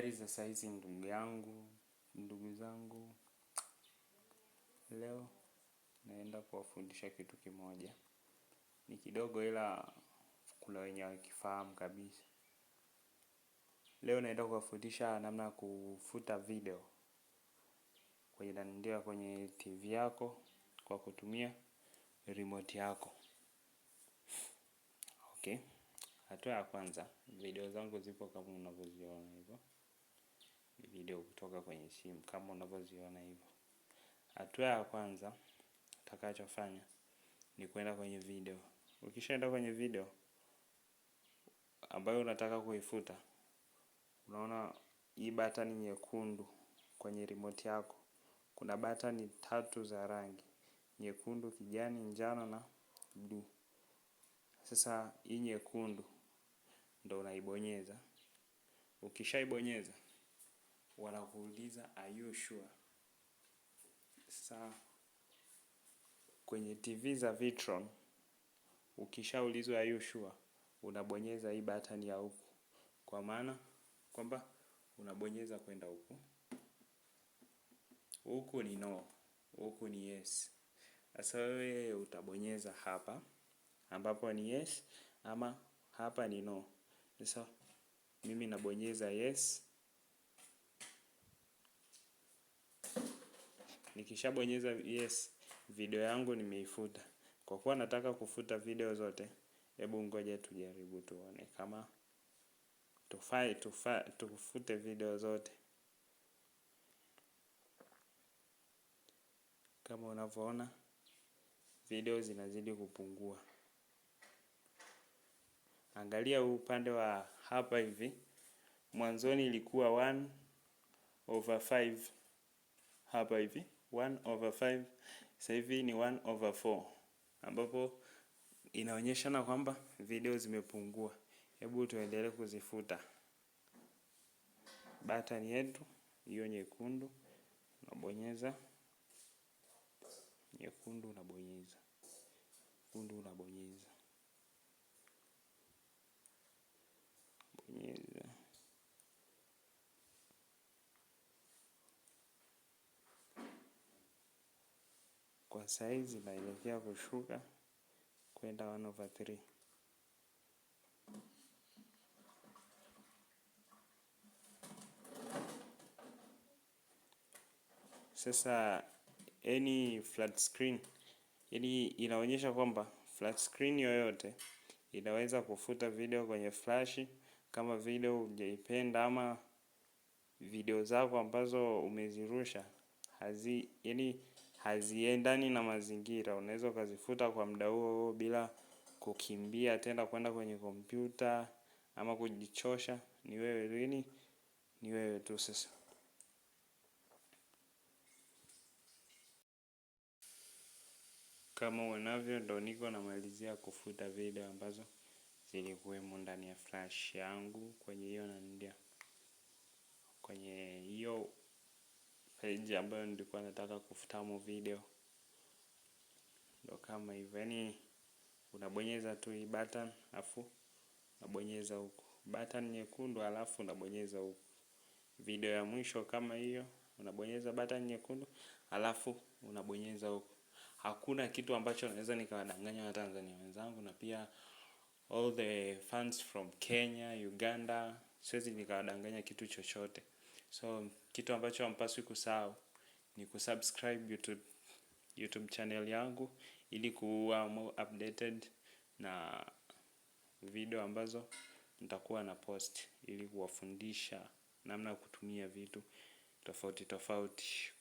Habari za saizi ndugu yangu, ndugu zangu, leo naenda kuwafundisha kitu kimoja. Ni kidogo ila kuna wenye wakifahamu kabisa. Leo naenda kuwafundisha namna ya kufuta video kwenye nandia kwenye TV yako kwa kutumia remote yako. Okay, hatua ya kwanza, video zangu zipo kama unavyoziona hivyo video kutoka kwenye simu kama unavyoziona hivyo. Hatua ya kwanza utakachofanya ni kwenda kwenye video. Ukishaenda kwenye video ambayo unataka kuifuta, unaona hii batani nyekundu kwenye remote yako. Kuna batani tatu za rangi nyekundu, kijani, njano na bluu. Sasa hii nyekundu ndo unaibonyeza. Ukishaibonyeza wanakuuliza are you sure? kwenye TV za Vitron ukishaulizwa are you sure, unabonyeza hii button ya huku, kwa maana kwamba unabonyeza kwenda huku. Huku ni no, huku ni yes. Sasa wewe utabonyeza hapa ambapo ni yes ama hapa ni no. Sasa mimi nabonyeza yes. Nikishabonyeza yes, video yangu nimeifuta. Kwa kuwa nataka kufuta video zote, hebu ngoja tujaribu tuone kama tufai tufute video zote. Kama unavyoona video zinazidi kupungua. Angalia upande wa hapa hivi. Mwanzoni ilikuwa 1 over 5 hapa hivi. 1 over 5 sasa hivi ni 1 over 4, ambapo inaonyeshana kwamba video zimepungua. Hebu tuendelee kuzifuta. Button yetu hiyo nyekundu unabonyeza, nyekundu unabonyeza, nyekundu unabonyeza Kwa saizi inaelekea kushuka kwenda 1 over Sasa any flat screen, ili inaonyesha kwamba flat screen yoyote inaweza kufuta video kwenye flash kama video hujaipenda ama video zako ambazo umezirusha hazi yani haziendani na mazingira. Unaweza ukazifuta kwa muda huo huo bila kukimbia tena kuenda kwenye kompyuta ama kujichosha ni wewe lini ni wewe tu sasa. Kama unavyo ndo niko namalizia kufuta video ambazo zilikuwemo ndani ya flash yangu kwenye hiyo nandia. page ambayo nilikuwa nataka kufutamu video. Ndo kama hivyo, yani unabonyeza tu hii button afu unabonyeza huku button nyekundu, alafu unabonyeza huku video ya mwisho kama hiyo, unabonyeza button nyekundu, alafu unabonyeza huku. Hakuna kitu ambacho naweza nikawadanganya watanzania Tanzania wenzangu na pia all the fans from Kenya, Uganda, siwezi nikawadanganya kitu chochote. So kitu ambacho hampaswi kusahau ni kusubscribe YouTube, YouTube channel yangu ili kuwa more updated na video ambazo nitakuwa na post ili kuwafundisha namna ya kutumia vitu tofauti tofauti.